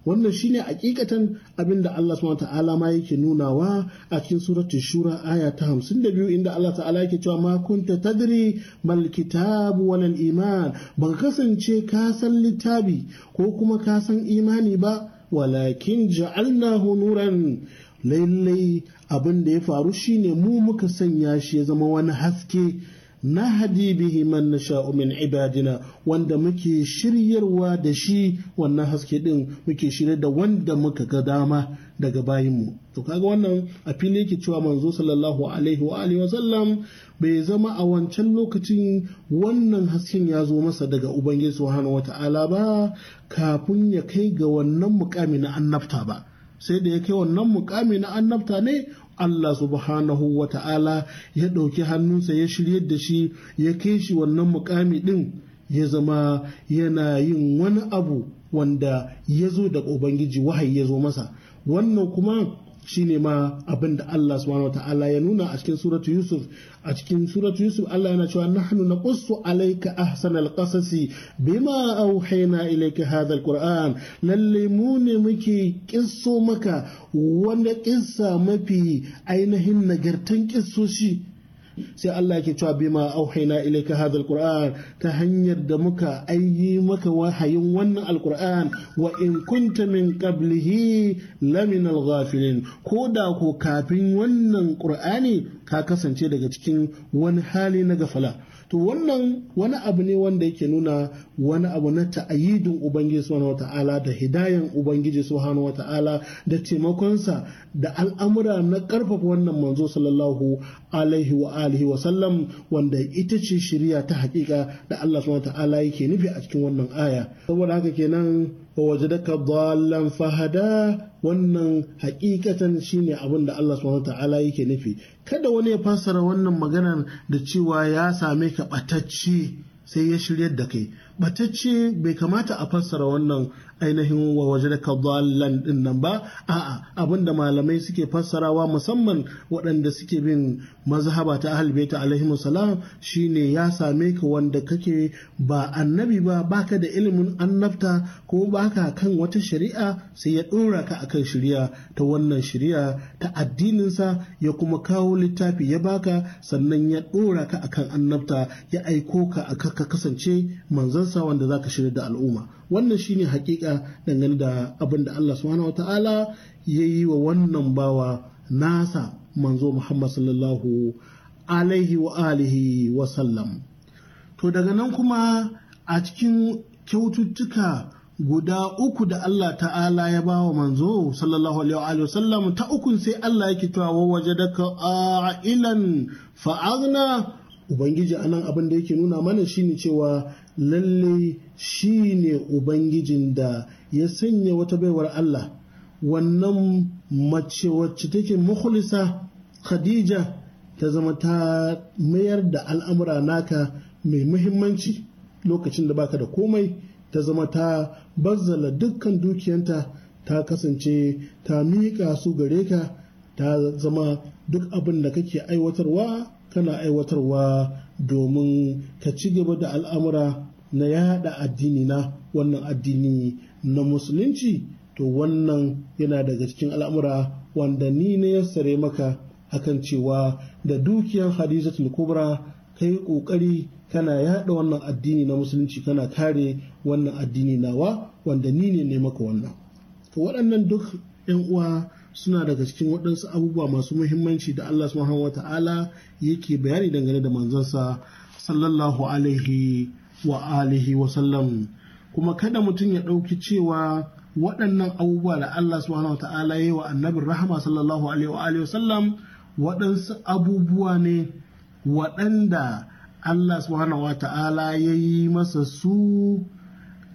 J: wannan shi shine hakikatan abin da Allah subhanahu ta'ala ma yake nunawa a cikin suratu shura aya ta hamsin da biyu inda Allah ta'ala yake cewa ma kunta tadri mal kitabu walal iman baka kasance ka san littafi ko kuma ka san imani ba walakin ja'alnahu nuran lallai abin da ya faru shine mu muka sanya shi ya zama wani haske na hadibihi man nasha'u min ibadina wanda muke shiryarwa da shi wannan haske din muke shirye da wanda muka ga dama daga bayinmu to kaga wannan a fili yake cewa manzo sallallahu alaihi wa alihi wasallam bai zama a wancan lokacin wannan hasken ya zo masa daga ubangiji subhanahu wata'ala ba kafin ya kai ga wannan mukamin na annabta ba sai da ya kai wannan mukami na annabta ne Allah subhanahu wa ta'ala ya ɗauki hannunsa ya shirye da shi ya kai shi wannan mukami ɗin ya zama yana yin wani abu wanda ya zo daga Ubangiji wahayi ya zo masa wannan kuma shine ma abin da Allah subhanahu ta'ala ya nuna a cikin suratu Yusuf a cikin suratu Yusuf Allah yana cewa nahnu naqussu alayka ahsanal qasasi bima auhayna ilayka hadha alquran lalle mu ne muke kisso maka wanda kissa mafi ainihin nagartan kissoshi sai Allah yake cewa bima auhayna ilayka hadha alquran ta hanyar da muka ayi maka wahayin wannan alquran wa in kunta min qablihi lamin alghafilin ko da ko kafin wannan qur'ani ka kasance daga cikin wani hali na gafala to wannan wani abu ne wanda yake nuna wani abu na ta'ayidin ubangiji subhanahu wata'ala da hidayen ubangiji subhanahu wata'ala da taimakonsa da al'amura na karfafa wannan manzo sallallahu alaihi wa alihi wa sallam wanda ita ce shirya ta hakika da Allah subhanahu wata'ala yake nufi a cikin wannan aya saboda haka kenan wajadaka dhallan fahada wannan hakikatan shine abin da Allah subhanahu ta'ala yake nufi kada wani ya fassara wannan maganar da cewa ya same ka batacce sai ya shiryar da kai batacce bai kamata a fassara wannan ainihin wa wajadaka dhallan din nan ba a'a abinda malamai suke fassarawa musamman waɗanda suke bin mazhaba ta ahlul bait salam shine ya same ka wanda kake ba annabi ba baka da ilimin annabta ko baka kan wata shari'a sai ya ɗora ka akan shari'a ta wannan shari'a ta addininsa ya kuma kawo littafi ya baka sannan ya ɗora ka akan annabta ya aiko ka aka kasance manzansa wanda zaka shirya da al'umma wannan shine hakika dangane da abin da Allah subhanahu ta'ala ya yi wa wannan bawa nasa manzo Muhammad sallallahu alaihi wa alihi wa sallam to daga nan kuma a cikin kyaututtuka guda uku da Allah ta'ala ya ba wa manzo sallallahu alaihi wa sallam ta ukun sai Allah yake waje wa wajadaka a'ilan fa'agna ubangiji anan abin da yake nuna mana shine cewa lalle shi ne ubangijin da ya sanya wata baiwar Allah wannan mace wacce take mukhlisa khadija ta zama ta mayar da al'amura naka mai muhimmanci lokacin da baka da komai ta zama ta bazzala dukkan dukiyanta ta kasance ta miƙa su gare ka ta zama duk abin da kake aiwatarwa kana aiwatarwa domin ka ci gaba da al'amura na yada addini na wannan addini na musulunci to wannan yana daga cikin al'amura wanda ni na yassare maka akan cewa da dukiyan hadisatul kubra kai kokari kana yada wannan addini na musulunci kana kare wannan addini nawa wanda ni ne ne maka wannan to waɗannan duk yan uwa suna daga cikin waɗansu abubuwa masu muhimmanci da Allah subhanahu wata'ala yake bayani dangane da manzansa sallallahu alaihi wa alihi wa sallam kuma kada mutum ya ɗauki cewa waɗannan abubuwa da Allah subhanahu ta'ala yi wa annabin rahama sallallahu alaihi wa alihi wa sallam waɗansu abubuwa ne waɗanda Allah subhanahu ya yi masa su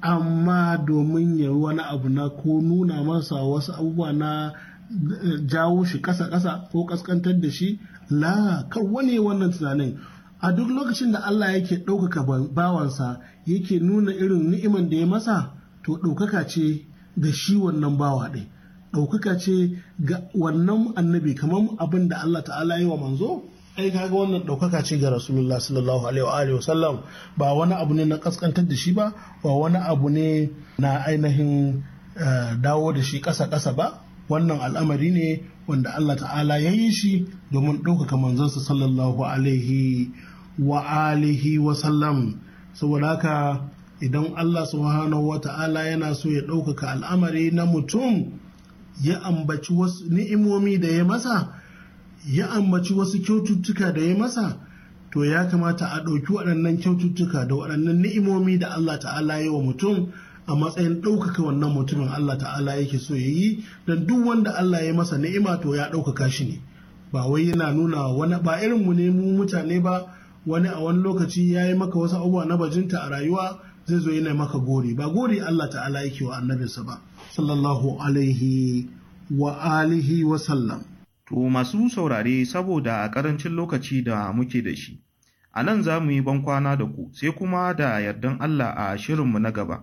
J: amma domin ya yi wani abu na ko nuna masa wasu abubuwa na jawo shi ƙasa kasa ko ƙasƙantar da shi la kar wani wannan tunanin a duk lokacin da Allah yake ɗaukaka bawansa yake nuna irin ni'iman da ya masa to ɗaukaka ce ga shi wannan bawa ɗin ɗaukaka ce ga wannan annabi kamar abin da Allah ta'ala yi wa manzo ai kaga wannan ɗaukaka ce ga rasulullah sallallahu alaihi wa sallam ba wani abu ne na kaskantar da shi ba ba wani abu ne na ainihin eh, dawo da shi ƙasa ƙasa ba wannan al'amari ne wanda Allah ta'ala ya yi shi domin ɗaukaka manzansa sallallahu alaihi wa alihi wa sallam saboda haka idan Allah subhanahu wa ta'ala yana so ya ɗaukaka al'amari na mutum ya ambaci wasu ni'imomi da ya masa ya ambaci wasu kyaututtuka da ya masa to ya kamata a ɗauki waɗannan kyaututtuka da waɗannan ni'imomi da Allah ta'ala ya wa mutum a matsayin ɗaukaka wannan mutumin Allah ta'ala yake so ya yi don duk wanda Allah ya masa ni'ima to ya ɗaukaka shi ne ba wai yana nuna wani ba irin mu ne mu mutane ba wani a wani lokaci ya yi maka wasu abubuwa na bajinta a rayuwa zai zo yana maka gori ba gori Allah ta'ala yake wa annabinsa ba sallallahu alaihi wa alihi wa sallam to masu
G: saurare saboda a karancin lokaci da muke da shi a nan za mu yi bankwana da ku sai kuma da yardan Allah a shirinmu na gaba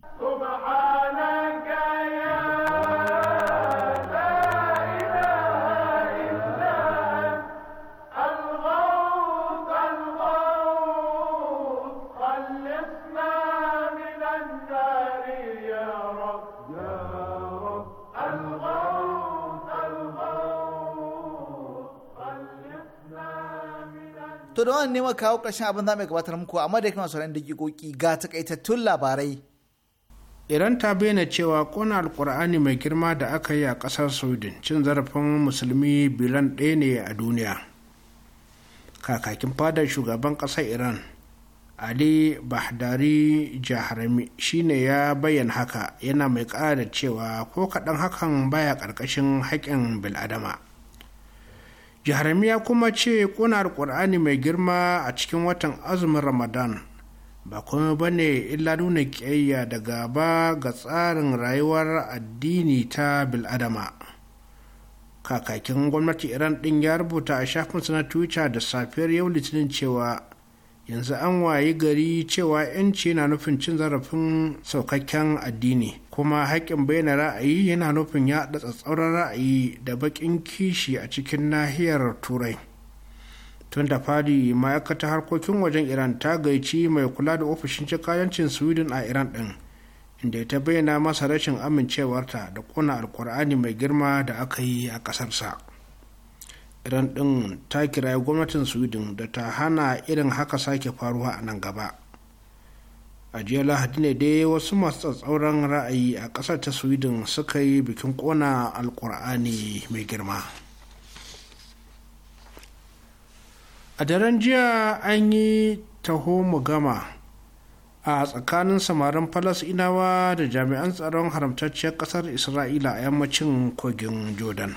A: to da wannan neman kawo ƙarshen abin za mu gabatar muku amma da kuma sauran dakikoki ga takaitattun labarai iran ta bayyana cewa
C: kona alkur'ani mai girma da aka yi a ƙasar sweden cin zarafin musulmi bilan ɗaya ne a duniya kakakin fadar shugaban ƙasar iran ali bahdari jaharami ne ya bayyana haka yana mai ƙara cewa ko kaɗan hakan baya ƙarƙashin haƙƙin bil'adama jaharami ya kuma ce ƙunar ƙur'ani mai girma a cikin watan azumin ramadan ba kuma ba ne illa nuna ƙiyayya da gaba ga tsarin rayuwar addini ta biladama kakakin gwamnati iran ɗin ya rubuta a shafinsa na twitter da safiyar yau litinin cewa yanzu an wayi gari cewa 'yanci na nufin cin zarafin saukakken addini kuma haƙƙin bayyana ra'ayi yana nufin yaɗa tsatsauran ra'ayi da baƙin kishi a cikin nahiyar turai tun da fadi ma'aikatar harkokin wajen iran ta gaici mai kula da ofishin cikayancin sweden a iran ɗin inda ta bayyana masa rashin amincewarta da kona alkur'ani mai girma da aka yi a ƙasarsa iran ɗin ta kirayi gwamnatin sweden da ta hana irin haka sake faruwa a nan gaba a jiya lahadi ne dai wasu masu tsatsauran ra'ayi a ƙasar ta sweden suka yi bikin ƙona alƙur'ani mai girma a daren jiya an yi taho mu gama a tsakanin samarin falasinawa da jami'an tsaron haramtacciyar ƙasar isra'ila a yammacin kogin jordan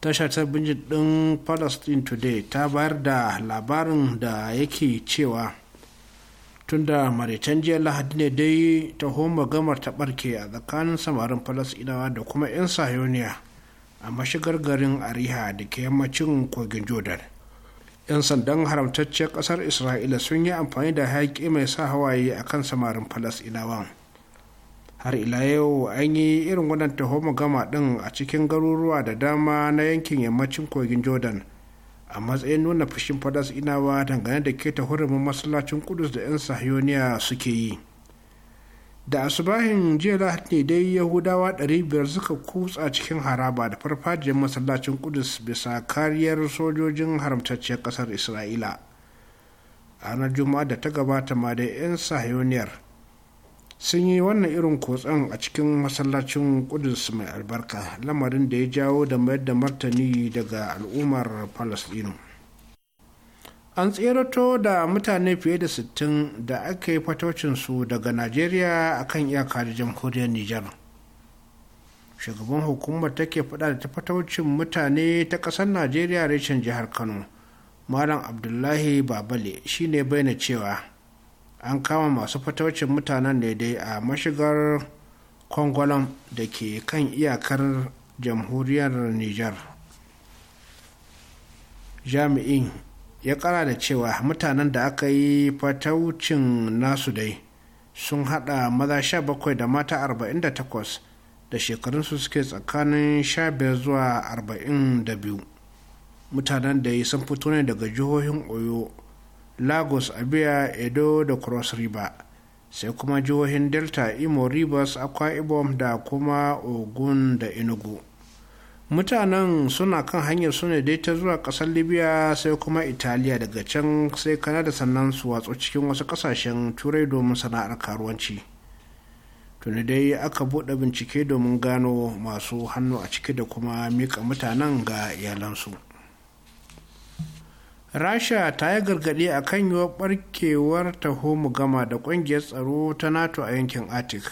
C: tashar ta ɗin palestine today ta bayar da labarin da yake cewa tunda maritan jiya lahadi ne dai ta homa gamar ta barke a tsakanin samarin falasɗinawa da kuma 'yan sayoniya a mashigar garin ariha da ke yammacin kogin jordan 'yan sandan haramtacciyar ƙasar isra'ila sun yi amfani da haƙi mai sa hawaye a kan samarin falasɗinawan har ila yau an yi irin wannan tahoma gama ɗin a cikin garuruwa da dama na yankin yammacin kogin jordan a matsayin nuna fushin fadas inawa dangane da keta hurumin masallacin kudus da 'yan sahiyoniya suke yi da asubahin jiya lahadi dai yahudawa 500 suka kutsa cikin haraba da farfajiyar masallacin kudus bisa kariyar sojojin haramtacciyar kasar isra'ila ranar juma'a da ta gabata ma da 'yan sahiyoniyar sun yi wannan irin kotsan a cikin masallacin kudus mai albarka lamarin da ya jawo da mayar da martani daga al'ummar palestino an tserato da mutane fiye da 60 da aka yi fatocinsu daga najeriya kan iyaka da jamhuriyar Niger. shugaban hukumar take fada da ta fataucin mutane ta kasar najeriya reshen jihar kano malam abdullahi babale shine bayyana cewa an kama masu fataucin mutanen ne dai a mashigar kwangwalam da ke kan iyakar jamhuriyar niger jami'in ya kara da cewa mutanen da aka yi fataucin nasu dai sun hada maza 17 da mata 48 da shekarunsu suke tsakanin 15 zuwa 42 mutanen da sun fito ne daga jihohin oyo lagos abia edo da cross river sai kuma jihohin delta imo rivers akwa ibom da kuma ogun da enugu mutanen suna kan hanyar su ne dai ta zuwa kasar libya sai kuma italiya daga can sai kanada sannan su watsu cikin wasu kasashen turai domin sana'ar karuwanci tuni dai aka buɗe bincike domin gano masu hannu a ciki da kuma mika mutanen ga iyalansu. rasha ta yi gargaɗi a kan yiwuwar barkewar taho gama da ƙungiyar tsaro ta nato a yankin arctic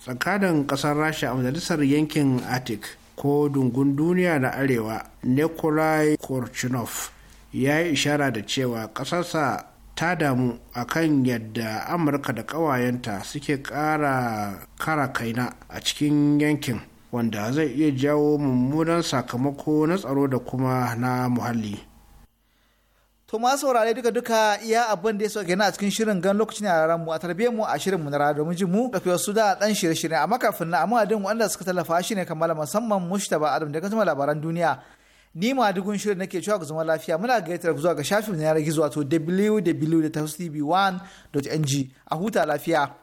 C: tsakanin ƙasar rasha a majalisar yankin arctic ko dungun duniya na arewa nikolai korchinov ya yi ishara da cewa ƙasarsa ta damu a kan yadda amurka da ƙawayenta suke ƙara kara kaina a cikin yankin wanda zai iya jawo mummunan sakamako na tsaro da kuma na muhalli
A: To ma saurare duka duka iya abin da ya sauke na a cikin shirin gan lokacin yaran mu a tarbiyyar mu a shirin mu na rana mu ji mu tafi su da dan shirye shirye a kafin na amma din wanda suka tallafa shi ne kamar musamman Mushtaba Adam daga kuma labaran duniya. Ni ma dugun shirin nake cewa ga zama lafiya muna gayyatar zuwa ga shafin na yanar gizo wato www.tv1.ng a huta lafiya.